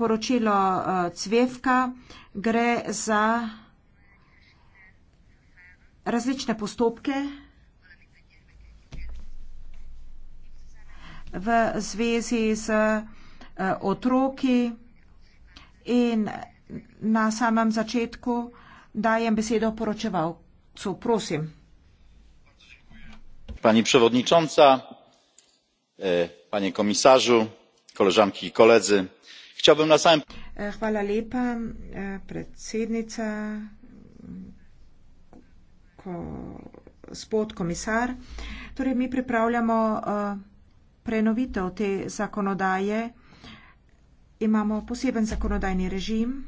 poročilo eh, Cvevka gre za različne postopke v zvezi z eh, otroki in na samem začetku dajem besedo poročevalcu. Prosim. Pani predsednica, gospod e, komisar, kolegice in kolegi. Chciałbym na samym. Chwała e, lepa, e, predsednica, gospod komisar. Torej, mi pripravljamo e, prenovitev te zakonodaje. Imamo poseben zakonodajni režim,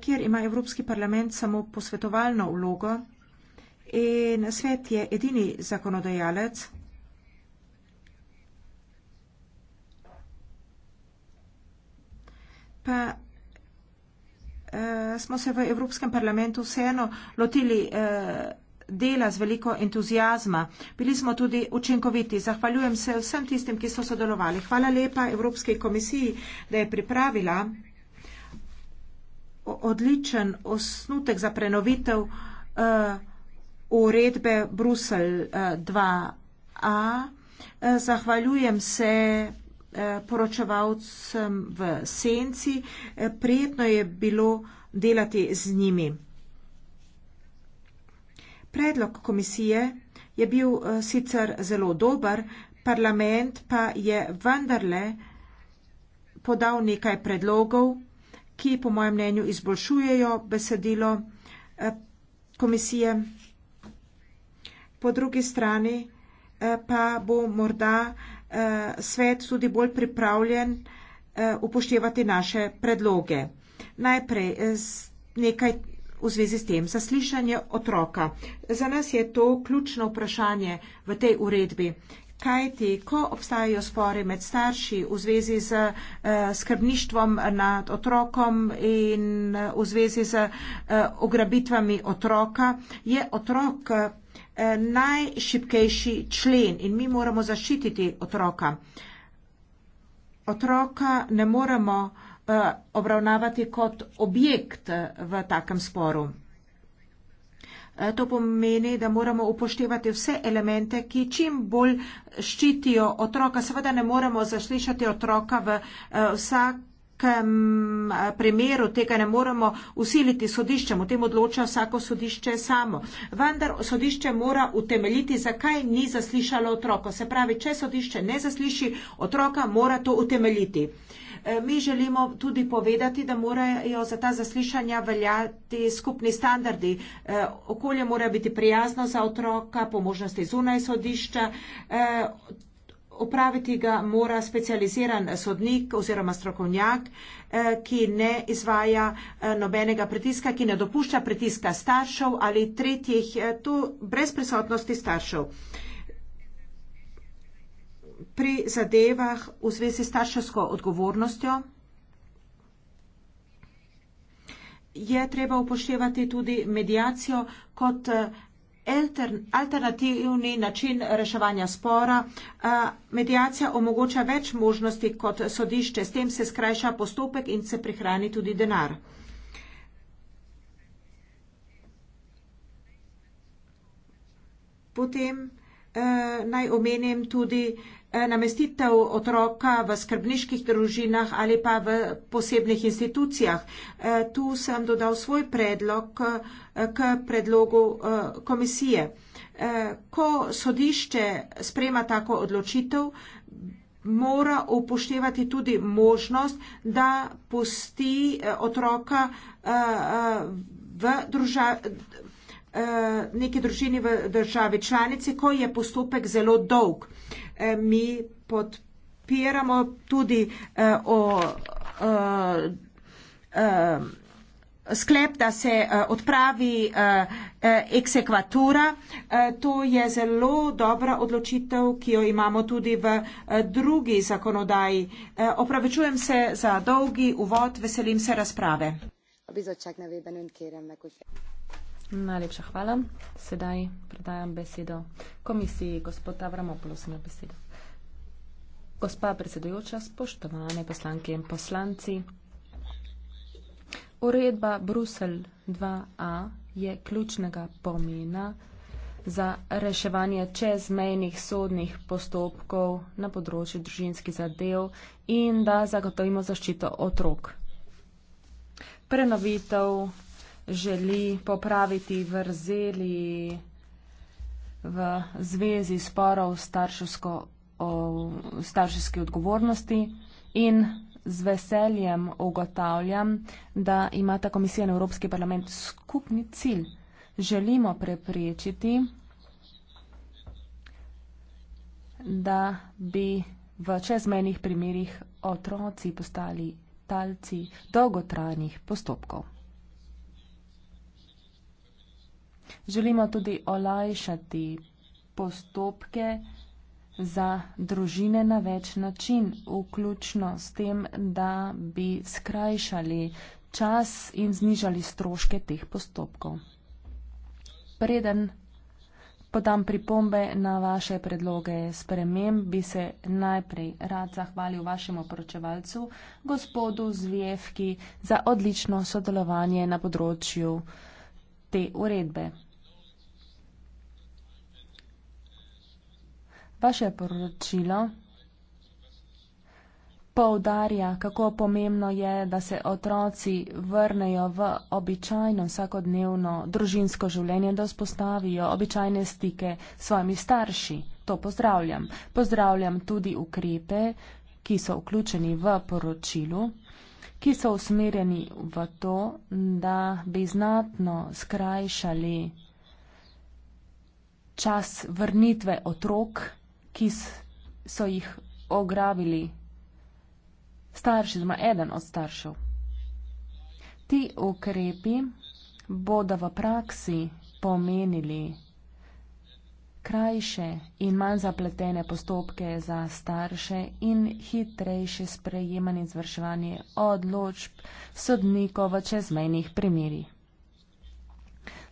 kjer ima Evropski parlament samo posvetovalno vlogo in svet je edini zakonodajalec. pa uh, smo se v Evropskem parlamentu vseeno lotili uh, dela z veliko entuzijazma. Bili smo tudi učinkoviti. Zahvaljujem se vsem tistim, ki so sodelovali. Hvala lepa Evropske komisiji, da je pripravila odličen osnutek za prenovitev uh, uredbe Brusel uh, 2a. Zahvaljujem se Eh, poročevalcem v senci. Eh, prijetno je bilo delati z njimi. Predlog komisije je bil eh, sicer zelo dober, parlament pa je vendarle podal nekaj predlogov, ki po mojem mnenju izboljšujejo besedilo komisije. Po drugi strani pa bo morda Eh, svet tudi bolj pripravljen eh, upoštevati naše predloge. Najprej eh, nekaj v zvezi s tem. Zaslišanje otroka. Za nas je to ključno vprašanje v tej uredbi. Kaj ti, ko obstajajo spori med starši v zvezi z uh, skrbništvom nad otrokom in uh, v zvezi z uh, ograbitvami otroka, je otrok uh, Eh, najšipkejši člen in mi moramo zaščititi otroka. Otroka ne moremo eh, obravnavati kot objekt eh, v takem sporu. To pomeni, da moramo upoštevati vse elemente, ki čim bolj ščitijo otroka. Seveda ne moremo zaslišati otroka v vsak vsakem eh, primeru tega ne moremo usiliti sodiščem, o tem odloča vsako sodišče samo. Vendar sodišče mora utemeljiti, zakaj ni zaslišalo otroko. Se pravi, če sodišče ne zasliši otroka, mora to utemeljiti. Eh, mi želimo tudi povedati, da morajo za ta zaslišanja veljati skupni standardi. Eh, okolje mora biti prijazno za otroka, po možnosti zunaj sodišča opraviti ga mora specializiran sodnik oziroma strokovnjak, eh, ki ne izvaja eh, nobenega pritiska, ki ne dopušča pritiska staršev ali tretjih, eh, tu brez prisotnosti staršev. Pri zadevah v zvezi s starševsko odgovornostjo je treba upoštevati tudi medijacijo kot alternativni način reševanja spora. Medijacija omogoča več možnosti kot sodišče, s tem se skrajša postopek in se prihrani tudi denar. Potem eh, naj omenim tudi eh, Eh, namestitev otroka v skrbniških družinah ali pa v posebnih institucijah. Eh, tu sem dodal svoj predlog eh, k predlogu komisije. Ko sodišče sprema tako odločitev, mora upoštevati tudi možnost, da pusti otroka v družav, neki družini v državi članici, ko je postopek zelo dolg. Eh, mi podpiramo tudi eh, o, o, eh, o, sklep, da se odpravi eksekvatura. To je zelo dobra odločitev, ki jo imamo tudi v drugi zakonodaji. Opravičujem se za dolgi uvod, veselim se razprave. Bizottságnevében önkérem meg, hogy... Najlepša hvala. Sedaj predajam besedo komisiji. Gospod Avramopoulos ima besedo. Gospa predsedujoča, spoštovane poslanke in poslanci. Uredba Brusel 2a je ključnega pomena za reševanje čezmejnih sodnih postopkov na področju družinskih zadev in da zagotovimo zaščito otrok. Prenovitev želi popraviti vrzeli v zvezi sporov starševske odgovornosti in z veseljem ugotavljam, da ima ta komisija in Evropski parlament skupni cilj. Želimo preprečiti, da bi v čezmenih primerjih otroci postali talci dolgotranjih postopkov. Želimo tudi olajšati postopke za družine na več način, vključno s tem, da bi skrajšali čas in znižali stroške teh postopkov. Preden podam pripombe na vaše predloge sprememb, bi se najprej rad zahvalil vašemu poročevalcu, gospodu Zvijevki, za odlično sodelovanje na področju te uredbe. Vaše poročilo poudarja, kako pomembno je, da se otroci vrnejo v običajno vsakodnevno družinsko življenje, da vzpostavijo običajne stike s svojimi starši. To pozdravljam. Pozdravljam tudi ukrepe, ki so vključeni v poročilu ki so usmerjeni v to, da bi znatno skrajšali čas vrnitve otrok, ki so jih ograbili starši, zma eden od staršev. Ti ukrepi bodo v praksi pomenili, krajše in manj zapletene postopke za starše in hitrejše sprejemanje izvrševanje odločb sodnikov v čezmejnih primerjih.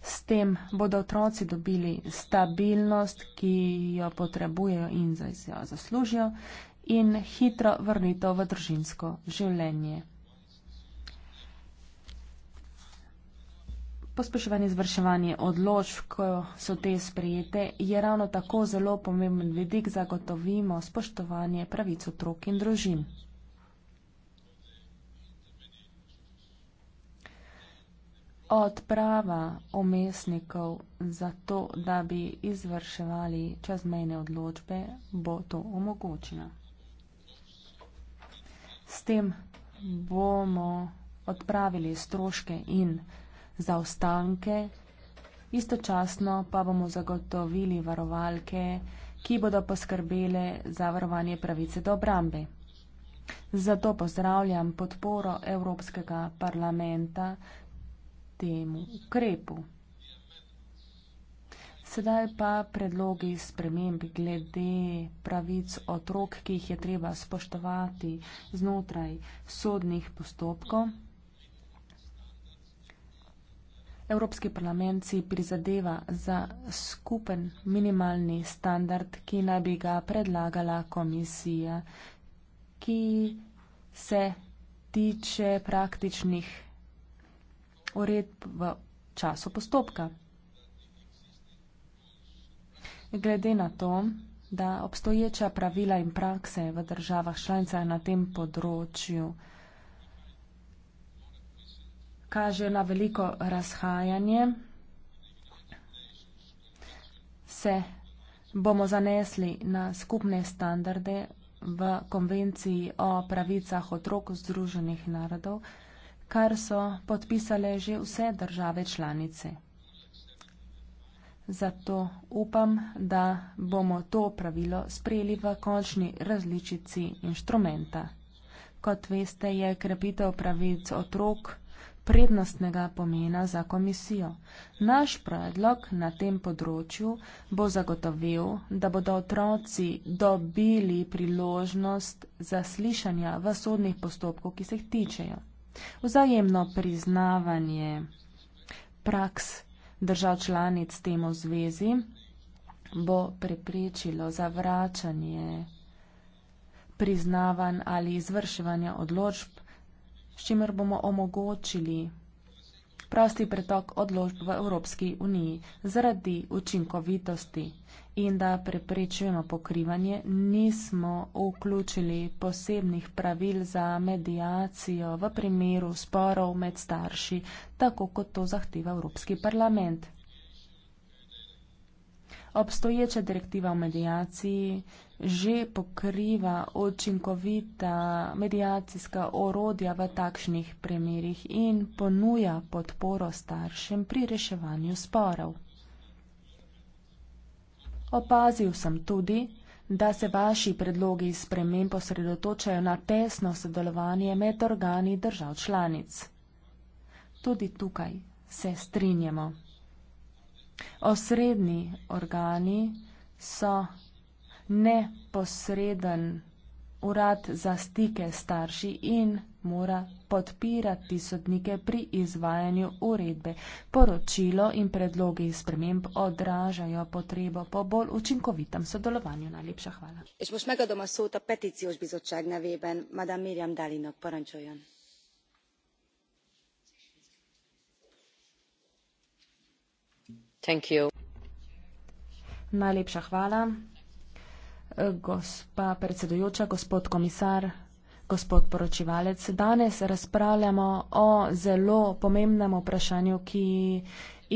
S tem bodo otroci dobili stabilnost, ki jo potrebujejo in za jo zaslužijo, in hitro vrnitev v družinsko življenje. Pospeševanje izvrševanje odločb, ko so te sprejete, je ravno tako zelo pomemben vidik zagotovimo spoštovanje pravic otrok in družin. Odprava omestnikov za to, da bi izvrševali čezmejne odločbe, bo to omogočena. S tem bomo odpravili stroške in odločbe zaostanke, istočasno pa bomo zagotovili varovalke, ki bodo poskrbele za varovanje pravice do obrambe. Zato pozdravljam podporo Evropskega parlamenta temu ukrepu. Sedaj pa predlogi sprememb glede pravic otrok, ki jih je treba spoštovati znotraj sodnih postopkov. Evropski parlament si prizadeva za skupen minimalni standard, ki naj bi ga predlagala komisija, ki se tiče praktičnih uredb v času postopka. Glede na to, da obstoječa pravila in prakse v državah članicah na tem področju kaže na veliko razhajanje, se bomo zanesli na skupne standarde v konvenciji o pravicah otrok Združenih narodov, kar so podpisale že vse države članice. Zato upam, da bomo to pravilo sprejeli v končni različici inštrumenta. Kot veste, je krepitev pravic otrok prednostnega pomena za komisijo. Naš predlog na tem področju bo zagotovil, da bodo otroci dobili priložnost zaslišanja v sodnih postopkov, ki se jih tičejo. Vzajemno priznavanje praks držav članic temu zvezi bo preprečilo zavračanje priznavanj ali izvrševanja odločb s čimer bomo omogočili prosti pretok odložb v Evropski uniji zaradi učinkovitosti in da preprečujemo pokrivanje, nismo vključili posebnih pravil za medijacijo v primeru sporov med starši, tako kot to zahteva Evropski parlament obstoječa direktiva o medijaciji že pokriva učinkovita medijacijska orodja v takšnih primerih in ponuja podporo staršem pri reševanju sporov. Opazil sem tudi, da se vaši predlogi sprememb osredotočajo na tesno sodelovanje med organi držav članic. Tudi tukaj se strinjamo. Osrednji organi so neposreden urad za stike starši in mora podpirati sodnike pri izvajanju uredbe. Poročilo in predlogi sprememb odražajo potrebo po bolj učinkovitem sodelovanju. Najlepša hvala. Najlepša hvala. Gospa predsedujoča, gospod komisar, gospod poročivalec. Danes razpravljamo o zelo pomembnem vprašanju, ki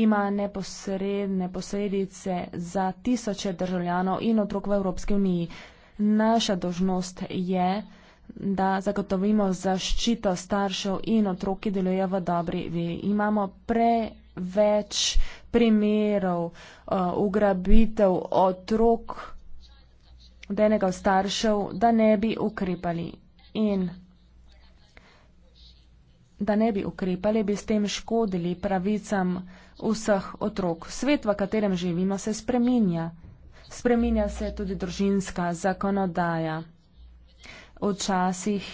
ima neposredne posledice za tisoče državljanov in otrok v Evropski uniji. Naša dožnost je, da zagotovimo zaščito staršev in otrok, ki delujejo v dobri veji. Imamo preveč primerov uh, ugrabitev otrok od enega od staršev, da ne bi ukrepali. In da ne bi ukrepali, bi s tem škodili pravicam vseh otrok. Svet, v katerem živimo, se spreminja. Spreminja se tudi družinska zakonodaja. Včasih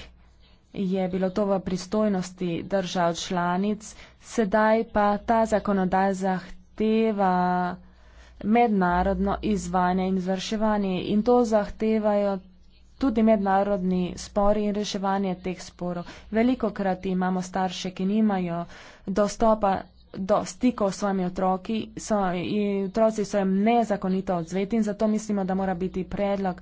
je bilo to v pristojnosti držav članic, sedaj pa ta zakonodaja zahteva zahteva mednarodno izvanje in izvrševanje in to zahtevajo tudi mednarodni spori in reševanje teh sporov. Veliko krat imamo starše, ki nimajo dostopa do stikov s svojimi otroki, so, otroci so jim nezakonito odzveti in zato mislimo, da mora biti predlog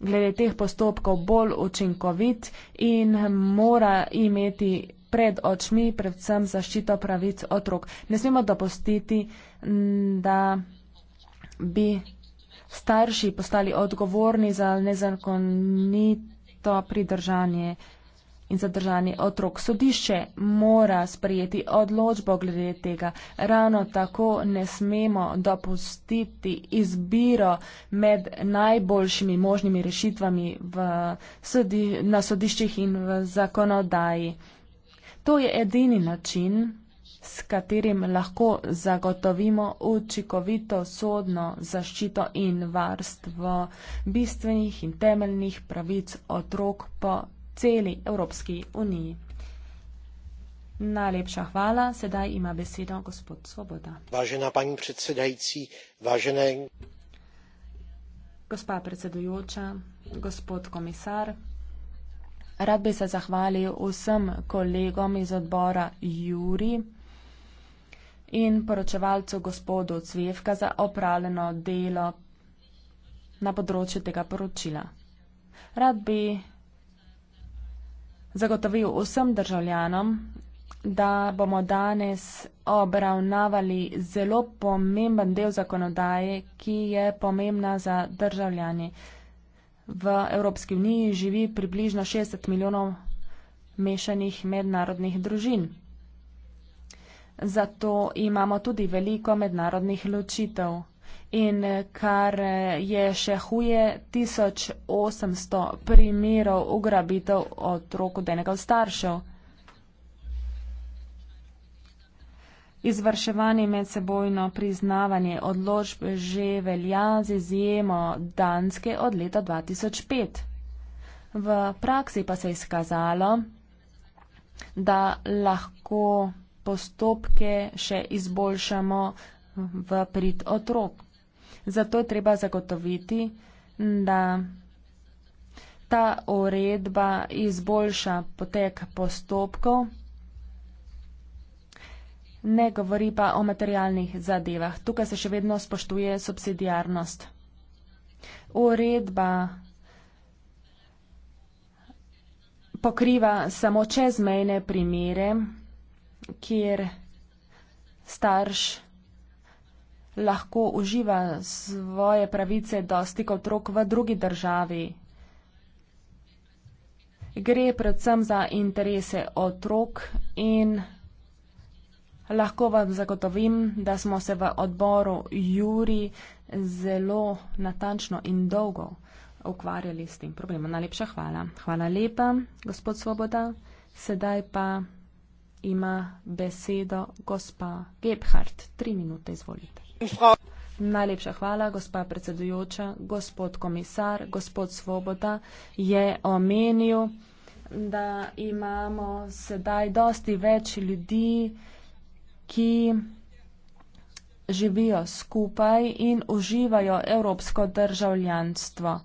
glede teh postopkov bolj učinkovit in mora imeti pred očmi, predvsem zaščito pravic otrok. Ne smemo dopustiti, mm, da bi starši postali odgovorni za nezakonito pridržanje in zadržanje otrok. Sodišče mora sprejeti odločbo glede tega. Ravno tako ne smemo dopustiti izbiro med najboljšimi možnimi rešitvami v sodi, na sodiščih in v zakonodaji. To je edini način, s katerim lahko zagotovimo učinkovito sodno zaščito in varstvo bistvenih in temeljnih pravic otrok po celi Evropski uniji. Najlepša hvala, sedaj ima besedo gospod Svoboda. Vážená pani predsedajci, vážené. Gospa predsedujoča, gospod komisar. Rad bi se zahvalil vsem kolegom iz odbora Juri in poročevalcu gospodu Cvevka za opravljeno delo na področju tega poročila. Rad bi zagotovil vsem državljanom, da bomo danes obravnavali zelo pomemben del zakonodaje, ki je pomembna za državljanje v Evropski uniji živi približno 60 milijonov mešanih mednarodnih družin. Zato imamo tudi veliko mednarodnih ločitev. In kar je še huje, 1800 primerov ugrabitev otrok od enega od staršev. Izvrševanje medsebojno priznavanje odložb že velja z izjemo Danske od leta 2005. V praksi pa se je izkazalo, da lahko postopke še izboljšamo v prid otrok. Zato je treba zagotoviti, da ta uredba izboljša potek postopkov ne govori pa o materialnih zadevah. Tukaj se še vedno spoštuje subsidijarnost. Uredba pokriva samo čezmejne primere, kjer starš lahko uživa svoje pravice do stika otrok v drugi državi. Gre predvsem za interese otrok in lahko vam zagotovim, da smo se v odboru Juri zelo natančno in dolgo ukvarjali s tem problemom. Najlepša hvala. Hvala lepa, gospod Svoboda. Sedaj pa ima besedo gospa Gebhardt. Tri minute izvolite. Najlepša hvala, gospa predsedujoča, gospod komisar, gospod Svoboda je omenil, da imamo sedaj dosti več ljudi, ki živijo skupaj in uživajo evropsko državljanstvo.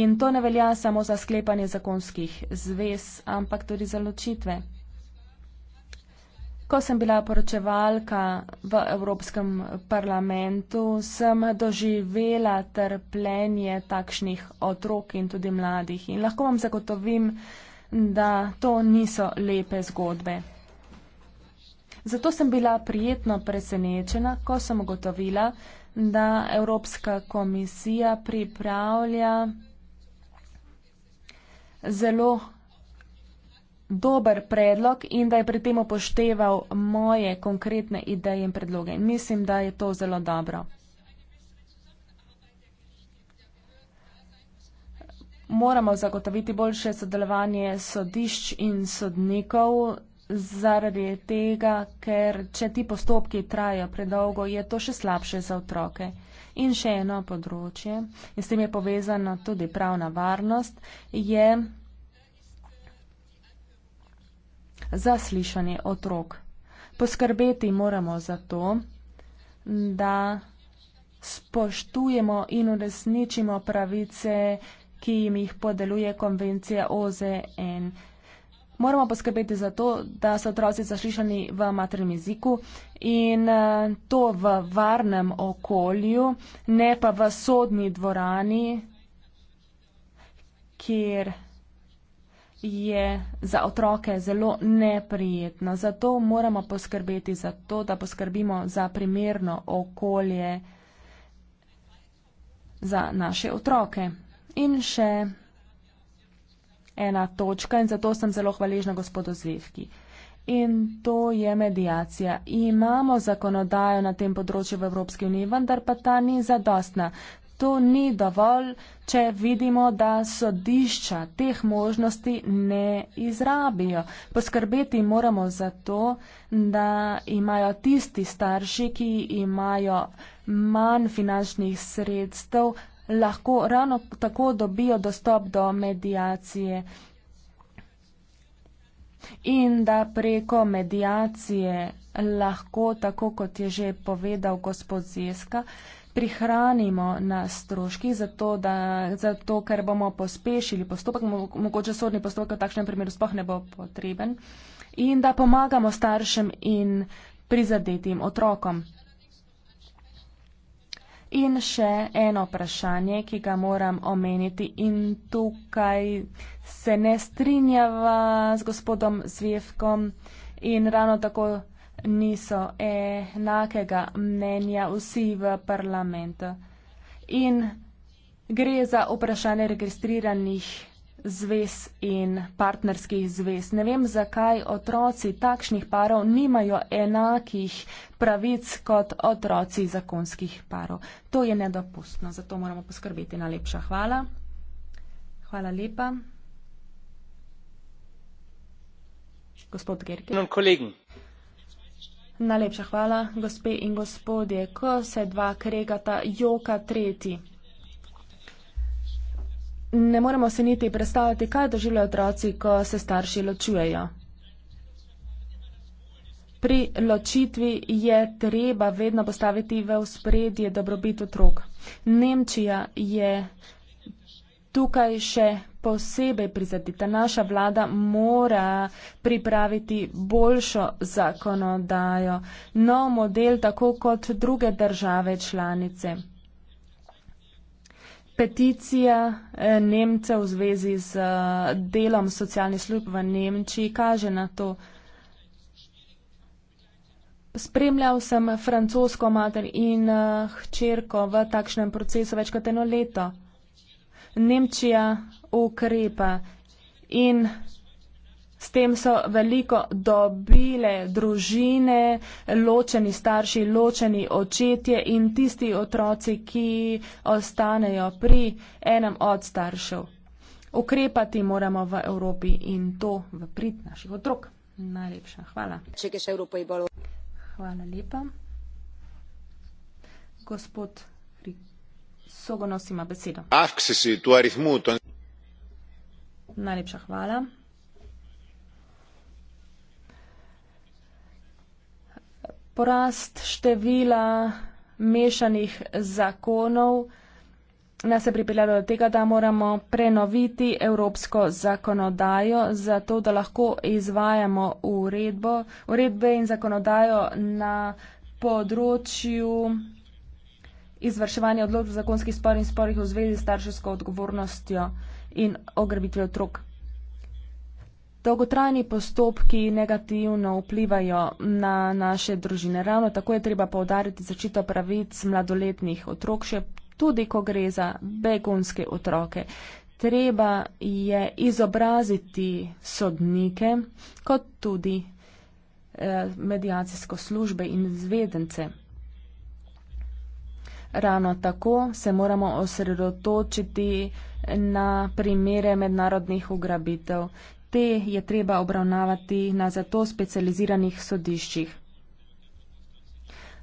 In to ne velja samo za sklepanje zakonskih zvez, ampak tudi za ločitve. Ko sem bila poročevalka v Evropskem parlamentu, sem doživela trpljenje takšnih otrok in tudi mladih. In lahko vam zagotovim, da to niso lepe zgodbe. Zato sem bila prijetno presenečena, ko sem ugotovila, da Evropska komisija pripravlja zelo dober predlog in da je pri tem upošteval moje konkretne ideje in predloge. Mislim, da je to zelo dobro. Moramo zagotoviti boljše sodelovanje sodišč in sodnikov zaradi tega, ker če ti postopki trajajo predolgo, je to še slabše za otroke. In še eno področje, in s tem je povezana tudi pravna varnost, je zaslišanje otrok. Poskrbeti moramo za to, da spoštujemo in uresničimo pravice, ki jim jih podeluje konvencija OZN moramo poskrbeti za to, da so otroci zaslišani v maternem jeziku in eh, to v varnem okolju, ne pa v sodni dvorani, kjer je za otroke zelo neprijetno. Zato moramo poskrbeti za to, da poskrbimo za primerno okolje za naše otroke. In še ena točka in zato sem zelo hvaležna gospodu Zvevki. In to je medijacija. Imamo zakonodajo na tem področju v Evropski uniji, vendar pa ta ni zadostna. To ni dovolj, če vidimo, da sodišča teh možnosti ne izrabijo. Poskrbeti moramo za to, da imajo tisti starši, ki imajo manj finančnih sredstev, lahko ravno tako dobijo dostop do medijacije. In da preko medijacije lahko, tako kot je že povedal gospod Zeska, prihranimo na stroški, zato, da, zato ker bomo pospešili postopek, mogoče sodni postopek v takšnem primeru spoh ne bo potreben, in da pomagamo staršem in prizadetim otrokom. In še eno vprašanje, ki ga moram omeniti in tukaj se ne strinjava z gospodom Zvevkom in ravno tako niso enakega mnenja vsi v parlamentu. In gre za vprašanje registriranih zvez in partnerskih zvez. Ne vem, zakaj otroci takšnih parov nimajo enakih pravic kot otroci zakonskih parov. To je nedopustno, zato moramo poskrbeti na lepša. Hvala. Hvala lepa. Gospod Gerke. Najlepša hvala, gospe in gospodje. Ko se dva kregata, joka tretji ne moremo se niti predstavljati, kaj doživljajo otroci, ko se starši ločujejo. Pri ločitvi je treba vedno postaviti v spredje dobrobit otrok. Nemčija je tukaj še posebej prizadita. Naša vlada mora pripraviti boljšo zakonodajo, nov model, tako kot druge države članice. Peticija eh, Nemcev v zvezi z eh, delom socialnih služb v Nemčiji kaže na to. Spremljal sem francosko mater in eh, hčerko v takšnem procesu več kot eno leto. Nemčija ukrepa in S tem so veliko dobile družine, ločeni starši, ločeni očetje in tisti otroci, ki ostanejo pri enem od staršev. Ukrepati moramo v Evropi in to v prid naših otrok. Najlepša hvala. Hvala lepa. Gospod Sogonos ima besedo. Najlepša hvala. porast števila mešanih zakonov nas je pripeljalo do tega, da moramo prenoviti evropsko zakonodajo, zato da lahko izvajamo uredbo, uredbe in zakonodajo na področju izvrševanja odločb v zakonskih sporih in sporih v zvezi s starševsko odgovornostjo in ogrebitvijo otrok. Dolgotrajni postopki negativno vplivajo na naše družine. Ravno tako je treba povdariti začito pravic mladoletnih otrok, še tudi, ko gre za begunske otroke. Treba je izobraziti sodnike, kot tudi eh, medijacijsko službe in zvedence. Ravno tako se moramo osredotočiti na primere mednarodnih ugrabitev te je treba obravnavati na zato specializiranih sodiščih.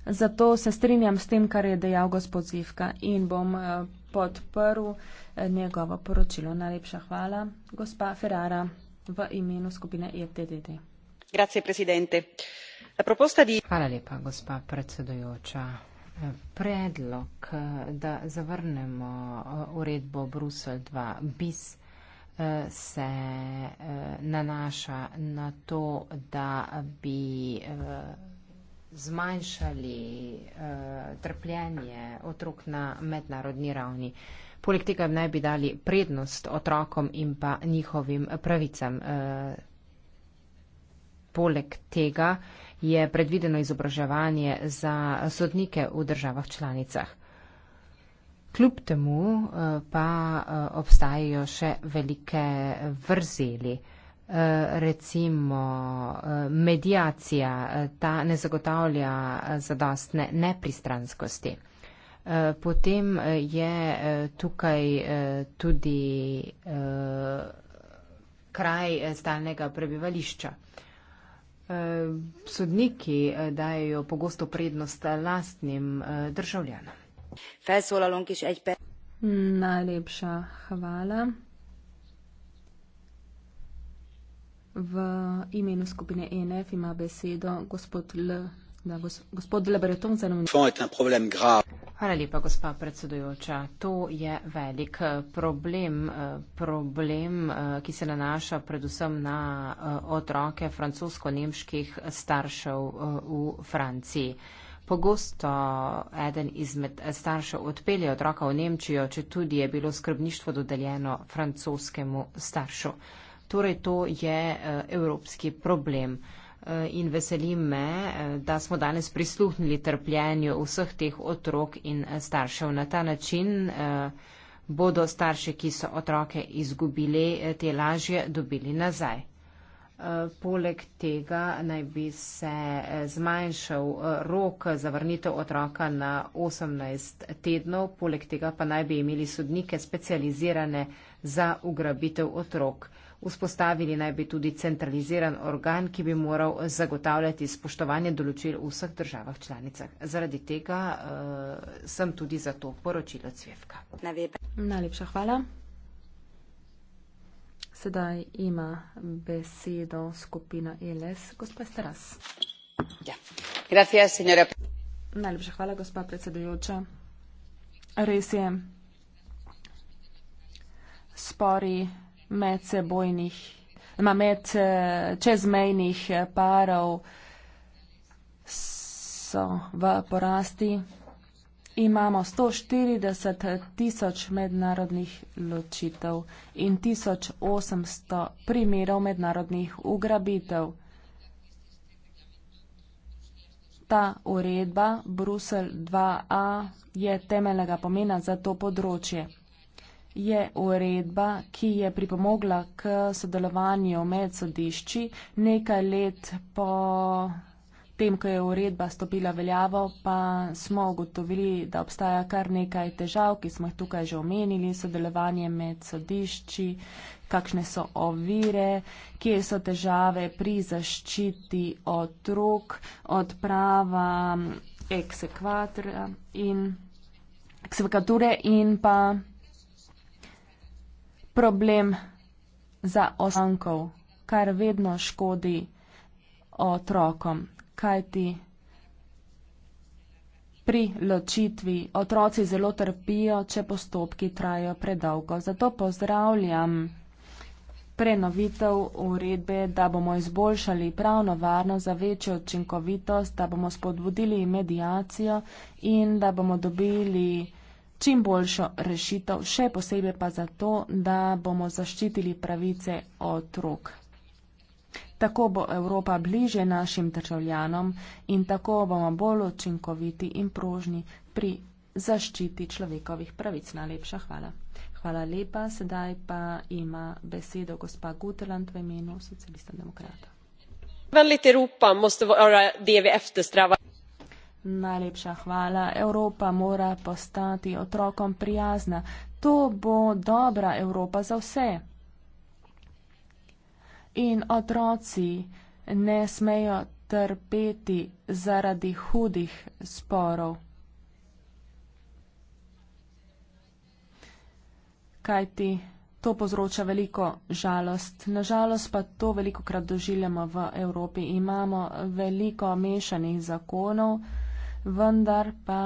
Zato se strinjam s tem, kar je dejal gospod Zivka in bom eh, podprl eh, njegovo poročilo. Najlepša hvala, gospa Ferrara, v imenu skupine ETDD. Hvala lepa, gospa predsedujoča. Predlog, eh, da zavrnemo uredbo Brusel 2 bis se eh, nanaša na to, da bi eh, zmanjšali eh, trpljenje otrok na mednarodni ravni. Poleg tega naj bi dali prednost otrokom in pa njihovim pravicam. Poleg tega je predvideno izobraževanje za sodnike v državah članicah. Kljub temu eh, pa eh, obstajajo še velike vrzeli. Eh, recimo medijacija, ta ne zagotavlja zadostne nepristranskosti. Potem je tukaj tudi kraj stalnega prebivališča. Sodniki dajo pogosto prednost lastnim državljanom. Felszólalunk is egy perc. Najlepša hvala. V imenu skupine ENF ima besedo gospod L. Da, gospod Lebreton, zanimivo. Hvala lepa, gospa predsedujoča. To je velik eh, problem, eh, problem, eh, ki se nanaša predvsem na otroke francosko-nemških staršev v Franciji. Pogosto eden izmed staršev odpelje otroka v Nemčijo, če tudi je bilo skrbništvo dodeljeno francoskemu staršu. Torej, to je eh, evropski problem. Eh, in veselim me, eh, da smo danes prisluhnili trpljenju vseh teh otrok in staršev. Na ta način bodo starše, ki so otroke izgubili, te lažje dobili nazaj. Eh, poleg tega naj bi se eh, zmanjšal eh, rok za vrnitev otroka na 18 tednov, poleg tega pa naj bi imeli sodnike specializirane za ugrabitev otrok. Vzpostavili naj bi tudi centraliziran organ, ki bi moral zagotavljati spoštovanje določil v vseh državah članicah. Zaradi tega uh, sem tudi za to poročilo Cvevka. Najlepša hvala. Sedaj ima besedo skupina e LS, gospa Staras. Ja. Gracias, Najlepša hvala, gospa predsedujoča. Res je, spori med sebojnih, med čezmejnih eh, parov so v porasti. Imamo 140 tisoč mednarodnih ločitev in 1800 primerov mednarodnih ugrabitev. Ta uredba Brusel 2a je temeljnega pomena za to področje. Je uredba, ki je pripomogla k sodelovanju med sodišči nekaj let po potem, ko je uredba stopila veljavo, pa smo ugotovili, da obstaja kar nekaj težav, ki smo jih tukaj že omenili, sodelovanje med sodišči, kakšne so ovire, kje so težave pri zaščiti otrok, odprava eksekvature in pa problem za ostankov, kar vedno škodi otrokom kajti pri ločitvi otroci zelo trpijo, če postopki trajajo predolgo. Zato pozdravljam prenovitev uredbe, da bomo izboljšali pravno varnost za večjo učinkovitost, da bomo spodbudili medijacijo in da bomo dobili čim boljšo rešitev, še posebej pa zato, da bomo zaščitili pravice otrok. Tako bo Evropa bliže našim državljanom in tako bomo bolj učinkoviti in prožni pri zaščiti človekovih pravic. Najlepša hvala. Hvala lepa. Sedaj pa ima besedo gospa Guteland v imenu socialista demokrata. Najlepša hvala. Evropa mora postati otrokom prijazna. To bo dobra Evropa za vse in otroci ne smejo trpeti zaradi hudih sporov. Kaj ti to povzroča veliko žalost? Nažalost pa to veliko krat doživljamo v Evropi. Imamo veliko mešanih zakonov, vendar pa.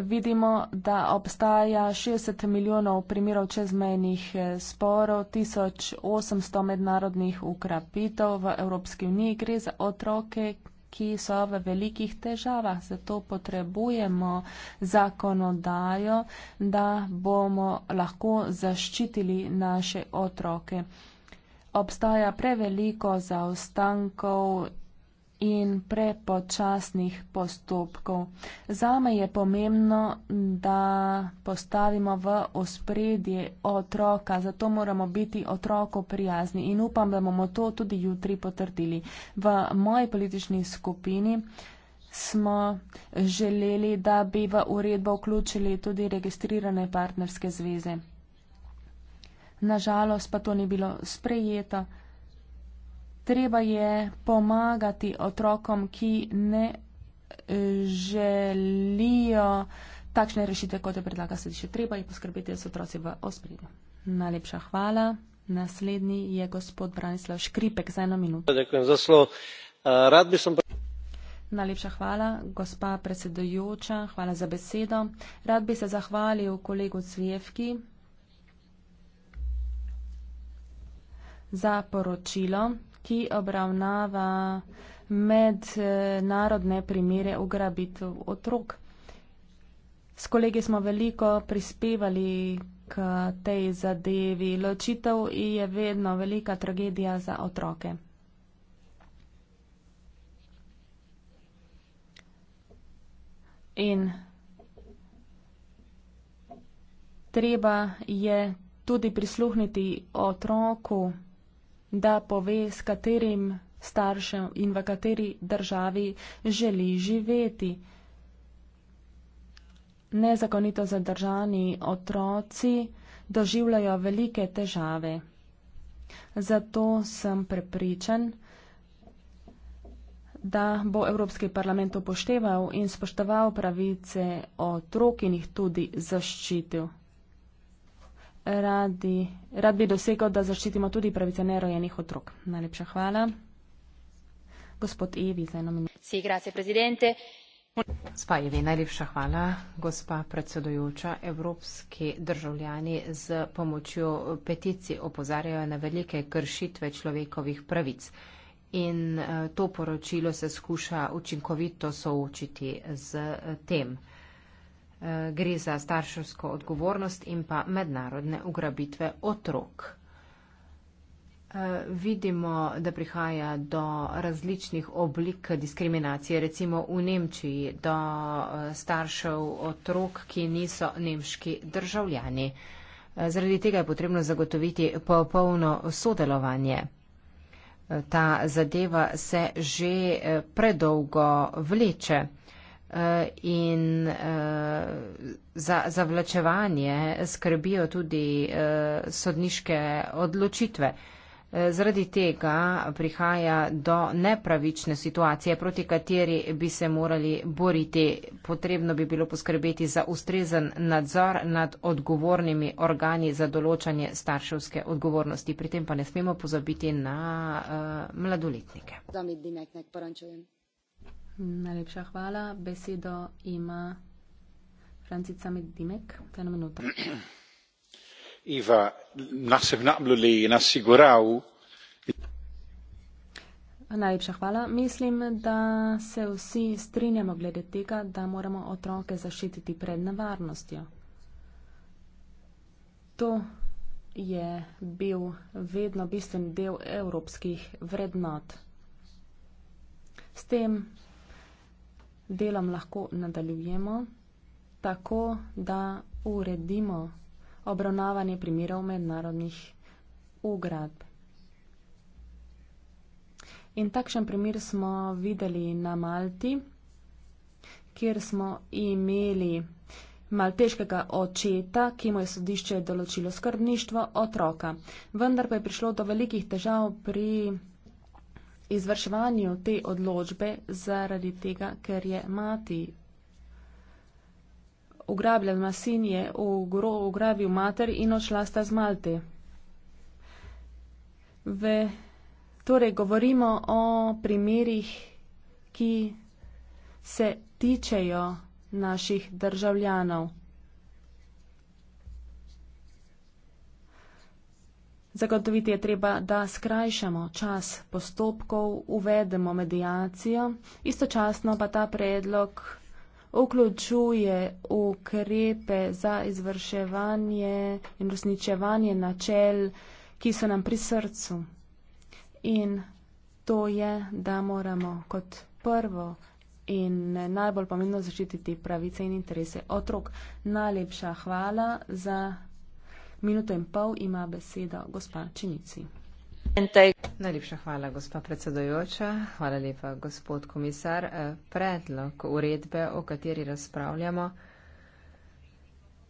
vidimo, da obstaja 60 milijonov primerov čezmejnih eh, sporov, 1800 mednarodnih ukrepitev v Evropski uniji. Gre za otroke, ki so v velikih težavah. Zato potrebujemo zakonodajo, da bomo lahko zaščitili naše otroke. Obstaja preveliko zaostankov in prepočasnih postopkov. Zame je pomembno, da postavimo v ospredje otroka, zato moramo biti otroko prijazni in upam, da bomo to tudi jutri potrdili. V moji politični skupini smo želeli, da bi v uredbo vključili tudi registrirane partnerske zveze. Nažalost pa to ni bilo sprejeto treba je pomagati otrokom, ki ne eh, želijo takšne rešitve, kot jo predlaga sodišče. Treba je poskrbeti, da so otroci v ospredju. Najlepša hvala. Naslednji je gospod Branislav Škripek za eno minuto. Eh, Najlepša hvala, gospa predsedujoča, hvala za besedo. Rad bi se zahvalil kolegu Cvjevki za poročilo ki obravnava mednarodne primere ugrabitev otrok. S kolegi smo veliko prispevali k tej zadevi. Ločitev je vedno velika tragedija za otroke. In treba je tudi prisluhniti otroku da pove, s katerim staršem in v kateri državi želi živeti. Nezakonito zadržani otroci doživljajo velike težave. Zato sem prepričan, da bo Evropski parlament upošteval in spoštoval pravice otrok in jih tudi zaščitil radi, rad bi dosegel, da zaščitimo tudi pravice nerojenih otrok. Najlepša hvala. Gospod Evi, za eno minuto. Si, grazie, prezidente. Gospa Evi, najlepša hvala. Gospa predsedujoča, evropski državljani z pomočjo peticij opozarjajo na velike kršitve človekovih pravic. In eh, to poročilo se skuša učinkovito soočiti z tem gre za starševsko odgovornost in pa mednarodne ugrabitve otrok. Eh, vidimo, da prihaja do različnih oblik diskriminacije, recimo v Nemčiji, do eh, staršev otrok, ki niso nemški državljani. Eh, zaradi tega je potrebno zagotoviti popolno sodelovanje. Ta zadeva se že predolgo vleče. Eh, in eh, za zavlačevanje skrbijo tudi eh, sodniške odločitve. Zaradi tega prihaja do nepravične situacije, proti kateri bi se morali boriti. Potrebno bi bilo poskrbeti za ustrezen nadzor nad odgovornimi organi za določanje starševske odgovornosti. Pri tem pa ne smemo pozabiti na uh, mladoletnike. Najlepša hvala. Besedo ima Francica Medimek. Ten minuta. Iva, nas je vnabljali in asigural. Najlepša hvala. Mislim, da se vsi strinjamo glede tega, da moramo otroke zaščititi pred nevarnostjo. To je bil vedno bistven del evropskih vrednot. S tem delom lahko nadaljujemo tako, da uredimo obravnavanje primerov mednarodnih ugradb. In takšen primer smo videli na Malti, kjer smo imeli maltežkega očeta, ki mu je sodišče določilo skrbništvo otroka. Vendar pa je prišlo do velikih težav pri izvrševanju te odločbe zaradi tega, ker je mati ugrabljena, sin je ugrabil mater in odšla sta z Malte. V, torej govorimo o primerih, ki se tičejo naših državljanov. Zagotoviti je treba, da skrajšamo čas postopkov, uvedemo medijacijo, istočasno pa ta predlog vključuje ukrepe za izvrševanje in rozničevanje načel, ki so nam pri srcu. In to je, da moramo kot prvo in najbolj pomembno zaščititi pravice in interese otrok. Najlepša hvala za. Minuto in pol ima beseda gospa Činici. Najlepša hvala, gospa predsedojoča. Hvala lepa, gospod komisar. Eh, predlog uredbe, o kateri razpravljamo,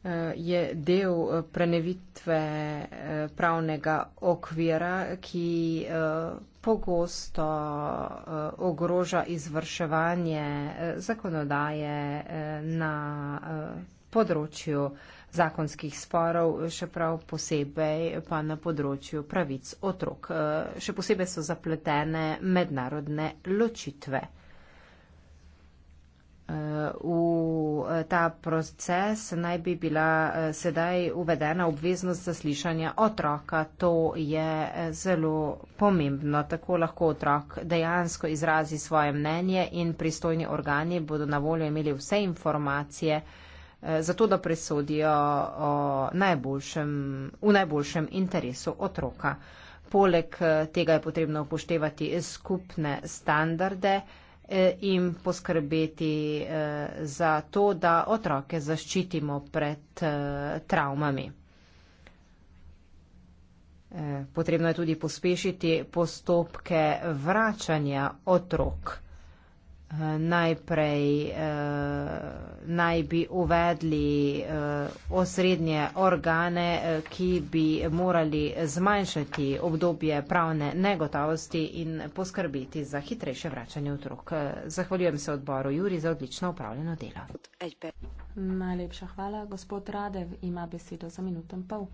eh, je del eh, prenevitve pravnega okvira, ki pogosto ogroža izvrševanje zakonodaje na področju zakonskih sporov, še prav posebej pa na področju pravic otrok. E, še posebej so zapletene mednarodne ločitve. E, v e, ta proces naj bi bila sedaj uvedena obveznost zaslišanja otroka. To je zelo pomembno. Tako lahko otrok dejansko izrazi svoje mnenje in pristojni organi bodo na voljo imeli vse informacije, Eh, zato da presodijo najboljšem, v najboljšem interesu otroka. Poleg eh, tega je potrebno upoštevati skupne standarde eh, in poskrbeti za to, da otroke zaščitimo pred travmami. Potrebno je tudi pospešiti postopke vračanja otrok najprej eh, naj bi uvedli eh, osrednje organe, eh, ki bi morali zmanjšati obdobje pravne negotovosti in poskrbeti za hitrejše vračanje otrok. Eh, zahvaljujem se odboru Juri za odlično upravljeno delo. Najlepša hvala. Gospod Radev ima besedo za minuto in pol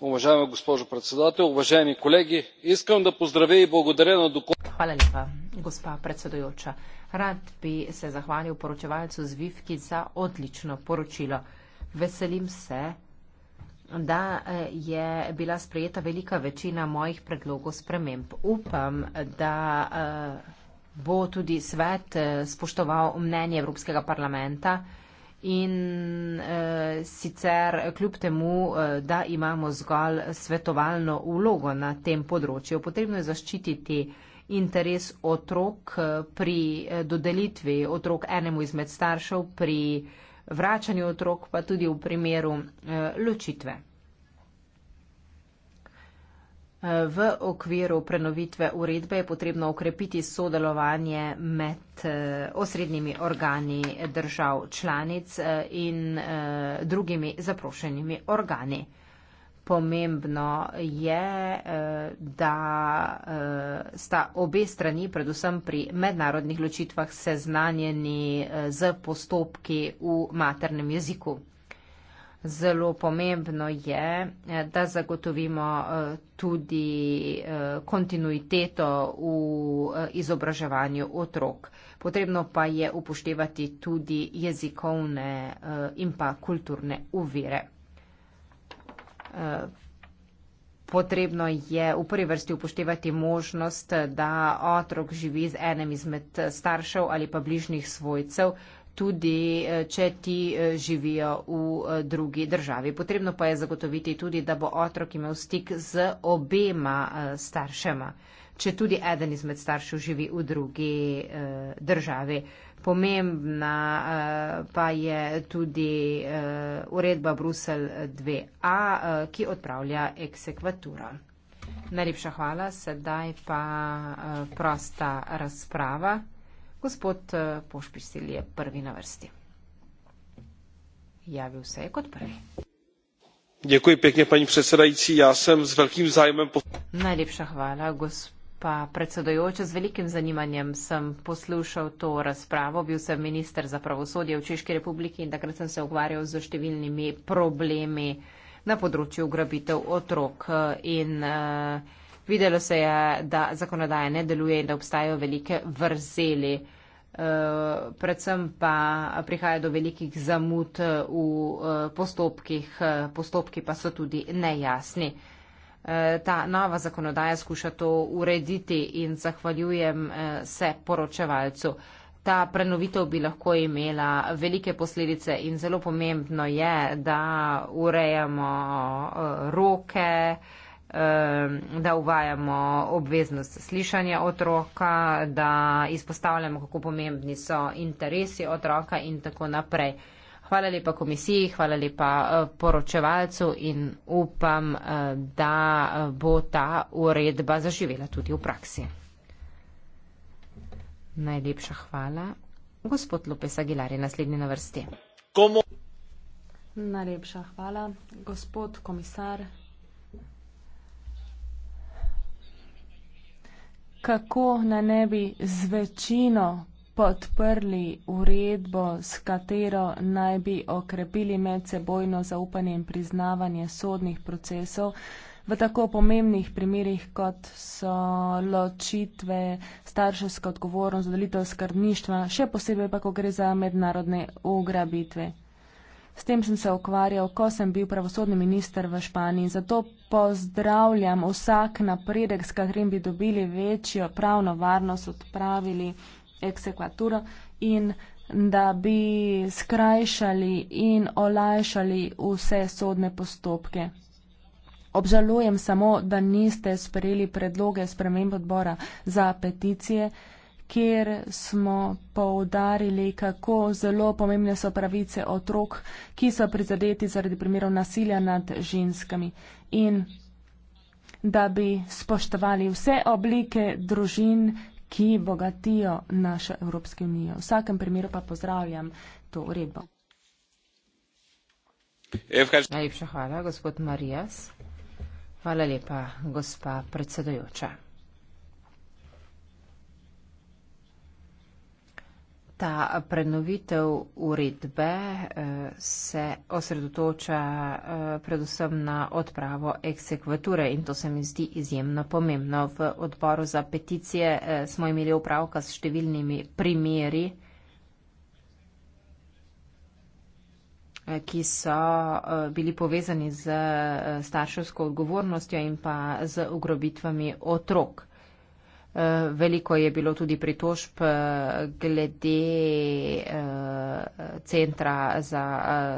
уважаема госпожо председател уважаеми колеги искам да поздравя и благодаря на докладчика Gospa predsedujoča, rad bi se zahvalil poročevalcu z Vivki za odlično poročilo. Veselim se, da e, je bila sprejeta velika večina mojih predlogov sprememb. Upam, da e, bo tudi svet e, spoštoval mnenje Evropskega parlamenta. In e, sicer kljub temu, eh, da imamo zgolj svetovalno ulogo na tem področju, potrebno je zaščititi interes otrok eh, pri dodelitvi otrok enemu izmed staršev, pri vračanju otrok pa tudi v primeru e, ločitve. V okviru prenovitve uredbe je potrebno ukrepiti sodelovanje med eh, osrednjimi organi držav članic eh, in eh, drugimi zaprošenimi organi. Pomembno je, da sta obe strani, predvsem pri mednarodnih ločitvah, seznanjeni z postopki v maternem jeziku zelo pomembno je, eh, da zagotovimo eh, tudi eh, kontinuiteto v izobraževanju otrok. Potrebno pa je upoštevati tudi jezikovne in pa kulturne uvire. Potrebno je v prvi vrsti upoštevati možnost, da otrok živi z enem izmed staršev ali pa bližnjih svojcev, tudi eh, če ti eh, živijo v eh, drugi državi. Potrebno pa je zagotoviti tudi, da bo otrok imel stik z obema staršema, če tudi eden izmed staršev živi v drugi državi. Pomembna pa je tudi uredba Brusel 2a, ki odpravlja eksekvaturo. Najlepša hvala, sedaj pa prosta razprava. Gospod eh, Pošpiš Sili je prvi na vrsti. Javil se je kot prvi. Děkuji pěkně, paní předsedající. Já jsem s velkým zájmem... Najlepša hvala, gospa predsedojoča. S velikim zanimanjem sem poslušal to razpravo. Bil sem minister za pravosodje v Češki republiki in takrat sem se ukvarjal z številnimi problemi na področju ugrabitev otrok. Eh, in, uh, Videlo se je, da zakonodaja ne deluje in da obstajajo velike vrzeli. Uh, predvsem pa prihaja do velikih zamud v uh, postopkih, uh, postopki pa so tudi nejasni. Uh, ta nova zakonodaja skuša to urediti in zahvaljujem uh, se poročevalcu. Ta prenovitev bi lahko imela velike posledice in zelo pomembno je, da urejamo uh, roke. Uh, da uvajamo obveznost slišanja otroka, da izpostavljamo, kako pomembni so interesi otroka in tako naprej. Hvala lepa komisiji, hvala lepa eh, poročevalcu in upam, eh, da bo ta uredba zaživela tudi v praksi. Najlepša hvala. Gospod Lopes Aguilar je naslednji na vrsti. Komu? Najlepša hvala. Gospod komisar, kako na ne bi z večino podprli uredbo, s katero naj bi okrepili medsebojno zaupanje in priznavanje sodnih procesov v tako pomembnih primerih, kot so ločitve, starševska odgovornost, delitev skrbništva, še posebej pa, ko gre za mednarodne ugrabitve. S tem sem se ukvarjal, ko sem bil pravosodni minister v Španiji. Zato pozdravljam vsak napredek, s katerim bi dobili večjo pravno varnost, odpravili eksekvaturo in da bi skrajšali in olajšali vse sodne postopke. Obžalujem samo, da niste sprejeli predloge sprememb odbora za peticije kjer smo poudarili, kako zelo pomembne so pravice otrok, ki so prizadeti zaradi primerov nasilja nad ženskami in da bi spoštovali vse oblike družin, ki bogatijo našo Evropsko unijo. V vsakem primeru pa pozdravljam to uredbo. Najlepša hvala, gospod Marijas. Hvala lepa, gospa predsedojoča. Ta prenovitev uredbe eh, se osredotoča eh, predvsem na odpravo eksekvature in to se mi zdi izjemno pomembno. V odboru za peticije eh, smo imeli upravka s številnimi primeri, ki so bili povezani z starševsko odgovornostjo in pa z ugrobitvami otrok. Eh, veliko je bilo tudi pritožb eh, glede eh, centra za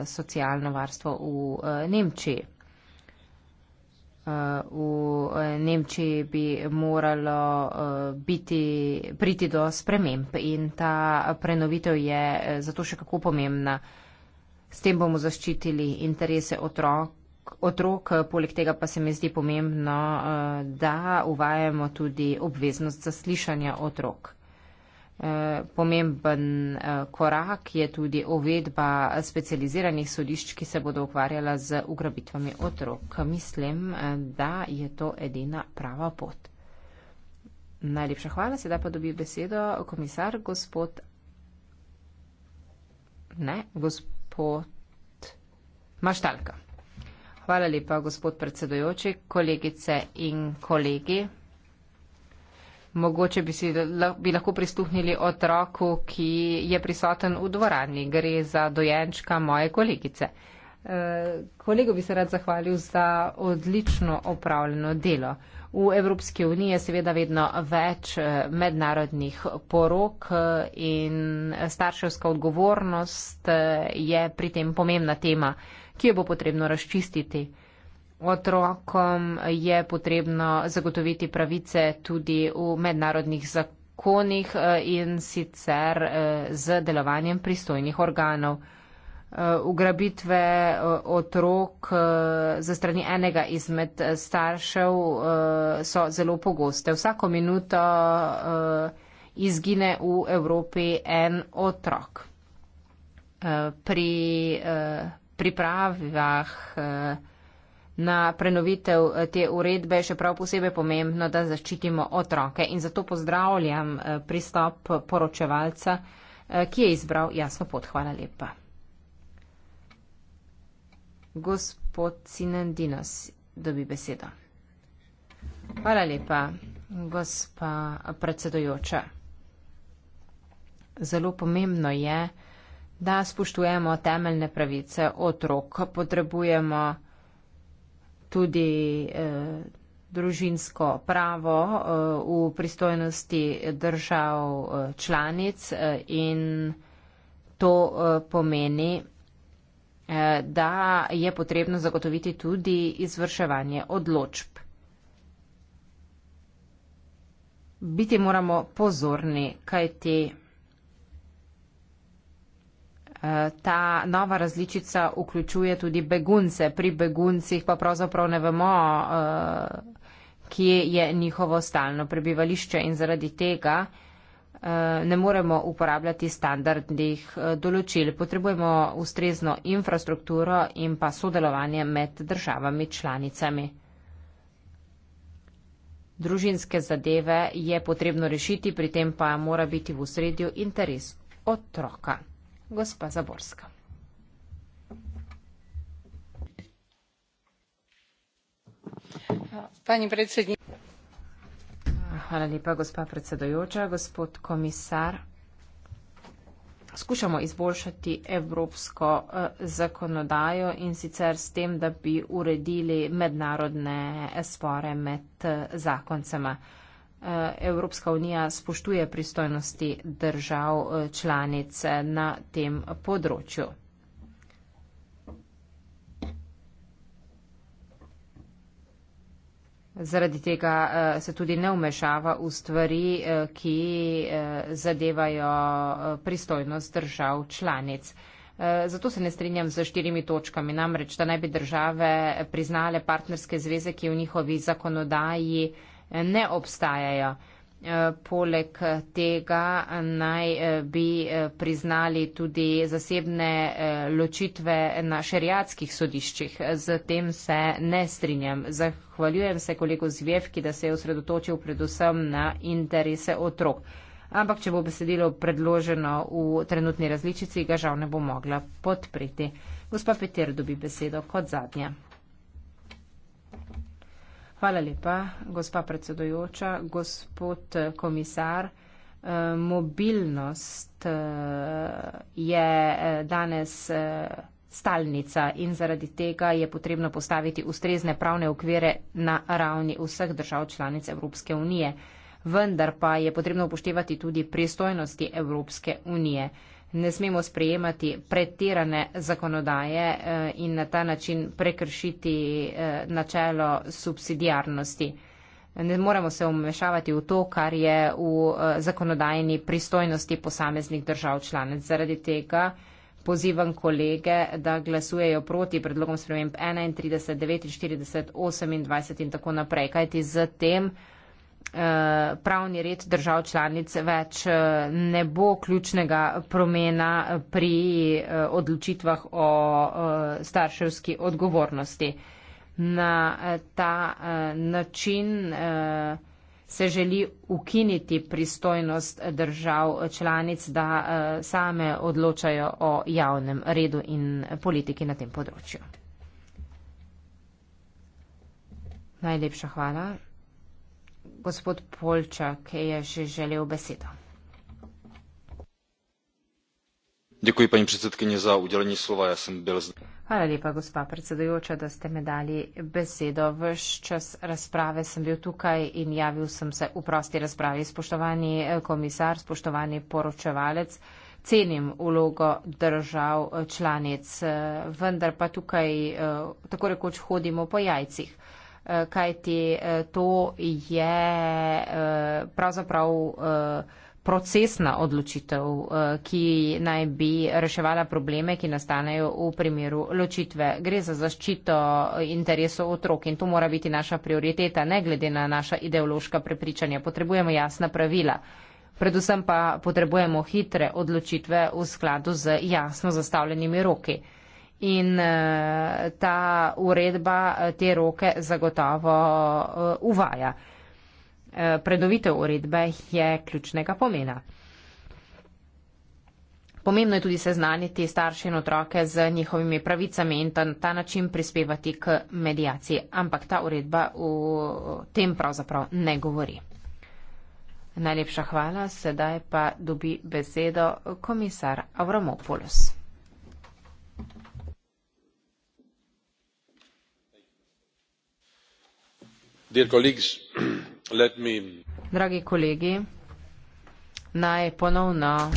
socialno varstvo v Nemčiji. V Nemčiji bi moralo biti, priti do sprememb in ta prenovitev je zato še kako pomembna. S tem bomo zaščitili interese otrok otrok, poleg tega pa se mi zdi pomembno, eh, da uvajamo tudi obveznost zaslišanja otrok. Eh, pomemben eh, korak je tudi uvedba specializiranih sodišč, ki se bodo ukvarjala z ugrabitvami otrok. Mislim, da je to edina prava pot. Najlepša hvala, sedaj pa dobi besedo komisar, gospod. Ne, gospod Maštalka. Hvala lepa, gospod predsedojoči, kolegice in kolegi. Mogoče bi, si, bi lahko pristuhnili otroku, ki je prisoten v dvorani. Gre za dojenčka moje kolegice. E, Kolego bi se rad zahvalil za odlično opravljeno delo. V Evropski uniji je seveda vedno več e, mednarodnih porok e, in starševska odgovornost je pri tem pomembna tema ki jo bo potrebno razčistiti. Otrokom je potrebno zagotoviti pravice tudi v mednarodnih zakonih eh, in sicer eh, z delovanjem pristojnih organov. Eh, ugrabitve otrok za strani enega izmed staršev so zelo pogoste. Vsako minuto izgine v Evropi en otrok. Pri pripravah eh, na prenovitev eh, te uredbe še prav posebej pomembno, da zaščitimo otroke. In zato pozdravljam eh, pristop poročevalca, ki je izbral jasno pot. Hvala lepa. Gospod Sinendinos dobi besedo. Hvala lepa, gospa predsedojoča. Zelo pomembno je, da spoštujemo temeljne pravice otrok. Potrebujemo tudi eh, družinsko pravo eh, v pristojnosti držav eh, članic eh, in to eh, pomeni, eh, da je potrebno zagotoviti tudi izvrševanje odločb. Biti moramo pozorni, kaj ti. Te ta nova različica vključuje tudi begunce. Pri beguncih pa pravzaprav ne vemo, eh, kje je njihovo stalno prebivališče in zaradi tega eh, ne moremo uporabljati standardnih eh, določil. Potrebujemo ustrezno infrastrukturo in pa sodelovanje med državami članicami. Družinske zadeve je potrebno rešiti, pri tem pa mora biti v sredju interes otroka gospa Zaborska. Pani predsednik. Hvala lepa, gospa predsedojoča, gospod komisar. Skušamo izboljšati evropsko eh, zakonodajo in sicer s tem, da bi uredili mednarodne spore med eh, zakoncema. Eh, Evropska unija spoštuje pristojnosti držav eh, članic eh, na tem področju. Zaradi tega se tudi ne umešava v stvari, ki zadevajo pristojnost držav članic. Zato se ne strinjam z štirimi točkami, namreč, da naj bi države priznale partnerske zveze, ki v njihovi zakonodaji ne obstajajo. Eh, poleg tega naj eh, bi eh, priznali tudi zasebne ločitve na šariatskih sodiščih. Z tem se ne strinjam. Zahvaljujem se kolegu Zvjevki, da se je osredotočil predvsem na interese otrok. Ampak, če bo besedilo predloženo v trenutni različici, ga žal ne bo mogla podpreti. Gospa Peter dobi besedo kot zadnja. Hvala lepa, gospa predsedujoča, gospod eh, komisar. Eh, mobilnost eh, je danes stalnica in zaradi tega je potrebno postaviti ustrezne pravne okvire na ravni vseh držav članic Evropske unije. Vendar pa je potrebno upoštevati tudi pristojnosti Evropske unije ne smemo sprejemati pretirane zakonodaje eh, in na ta način prekršiti eh, načelo subsidijarnosti. Ne moramo se umešavati v to, kar je v eh, zakonodajni pristojnosti posameznih držav članic. Zaradi tega pozivam kolege, da glasujejo proti predlogom sprememb 31, 49, 48 in tako naprej, kajti z tem Eh, pravni red držav članic več eh, ne bo ključnega promena pri eh, odločitvah o starševski odgovornosti. Na ta način se želi ukiniti pristojnost držav članic, da same odločajo o javnem redu in politiki na tem področju. Najlepša hvala. Gospod Polčak je že želel besedo. Děkuji, paní predsedkyně, za udelenie slova. Ja som byl... Hvala lepa, gospa predsedujoča, da ste me dali besedo. Vš čas razprave sem bil tukaj in javil sem se v prosti razpravi. Spoštovani eh, komisar, spoštovani poročevalec, cenim vlogo držav eh, članic, eh, vendar pa tukaj tako rekoč hodimo po jajcih kajti eh, to je eh, pravzaprav eh, procesna odločitev, ki naj bi reševala probleme, ki nastanejo v primeru ločitve. Gre za zaščito interesov otrok in to mora biti naša prioriteta, ne glede na naša ideološka prepričanja. Potrebujemo jasna pravila. Predvsem pa potrebujemo hitre odločitve v skladu z jasno zastavljenimi roki in eh, ta uredba eh, te roke zagotovo eh, uvaja. Predovitev uredbe je ključnega pomena. Pomembno je tudi seznaniti starše in otroke z njihovimi pravicami in ta način prispevati k medijaciji, ampak ta uredba o tem pravzaprav ne govori. Najlepša hvala, sedaj pa dobi besedo komisar Avramopoulos. Dragi kolegi, naj ponovno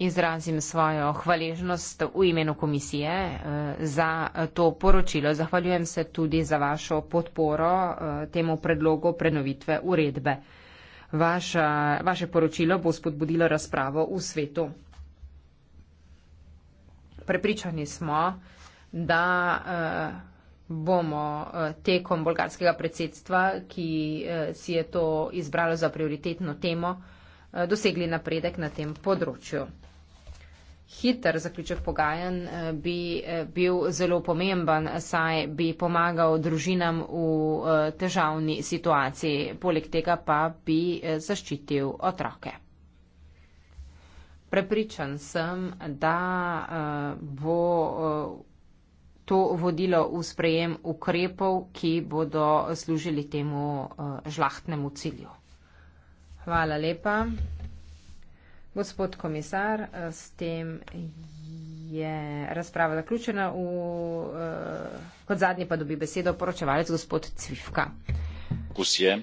izrazim svojo hvaležnost v imenu komisije eh, za eh, to poročilo. Zahvaljujem se tudi za vašo podporo eh, temu predlogu prenovitve uredbe. Vaša, vaše poročilo bo spodbudilo razpravo v svetu. Prepričani smo, da bomo eh, tekom bolgarskega predsedstva, ki eh, si je to izbralo za prioritetno temo, eh, dosegli napredek na tem področju. Hiter zaključek pogajanj bi bil zelo pomemben, saj bi pomagal družinam v težavni situaciji, poleg tega pa bi zaščitil otroke. Prepričan sem, da bo to vodilo v sprejem ukrepov, ki bodo služili temu eh, žlahtnemu cilju. Hvala lepa. Gospod komisar, eh, s tem je razprava zaključena. V, eh, kot zadnji pa dobi besedo poročevalec gospod Cvifka. Kusje.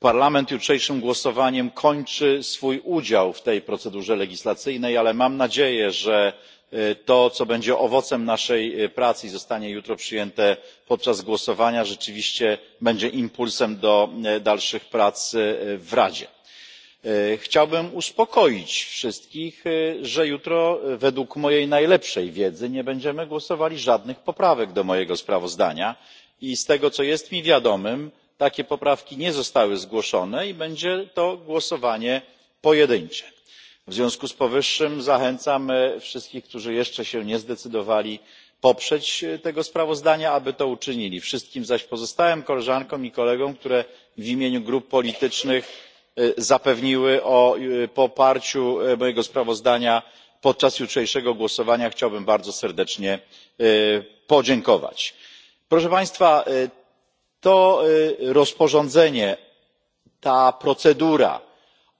Parlament jutrzejszym głosowaniem kończy swój udział w tej procedurze legislacyjnej, ale mam nadzieję, że E, to co będzie owocem naszej e, pracy i zostanie jutro przyjęte podczas głosowania rzeczywiście będzie impulsem do e, dalszych prac w radzie. chciałbym uspokoić wszystkich że jutro według mojej najlepszej wiedzy nie będziemy głosowali nad żadnymi poprawkami do mojego sprawozdania i z tego co jest mi wiadome takie poprawki nie zostały zgłoszone i będzie to głosowanie pojedyncze w związku z powyższym zachęcam wszystkich którzy jeszcze się nie zdecydowali poprzeć tego sprawozdania aby to uczynili wszystkim zaś pozostałym koleżankom i kolegom które w imieniu grup politycznych zapewniły o poparciu mojego sprawozdania podczas jutrzejszego głosowania chciałbym bardzo serdecznie podziękować. proszę państwa to rozporządzenie ta procedura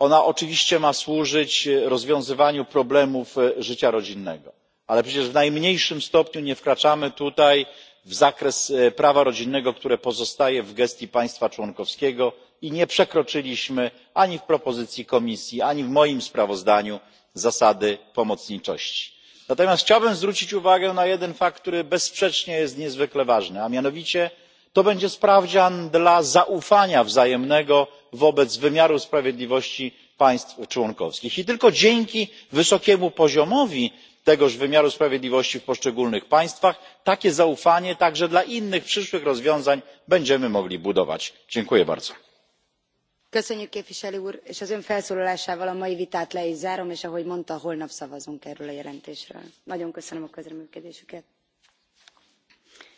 ona oczywiście ma służyć e, rozwiązywaniu problemów e, życia rodzinnego ale przecież w najmniejszym stopniu nie wkraczamy tutaj w zakres e, prawa rodzinnego które pozostaje w gestii państwa członkowskiego i nie przekroczyliśmy ani w propozycji komisji ani w moim sprawozdaniu zasady pomocniczości. natomiast chciałbym zwrócić uwagę na jeden fakt który bezsprzecznie jest niezwykle ważny a mianowicie to będzie sprawdzian dla zaufania wzajemnego wobec wymiaru sprawiedliwości państw członkowskich i tylko dzięki wysokiemu poziomowi tegoż wymiaru sprawiedliwości w poszczególnych państwach takie zaufanie także dla innych przyszłych rozwiązań będziemy mogli budować. dziękuję bardzo.